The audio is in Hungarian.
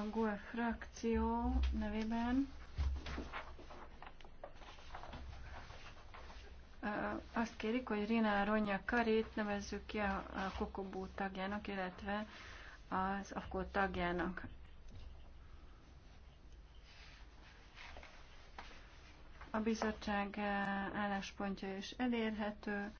a GUE frakció nevében azt kérik, hogy Rina Ronya Karét nevezzük ki a, Kokobó tagjának, illetve az AFKO tagjának. A bizottság álláspontja is elérhető.